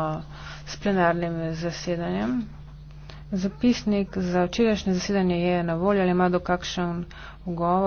Uh, s plenarnim zasedanjem. Zapisnik za včerajšnje zasedanje je na voljo ali ima do kakšen ugovor.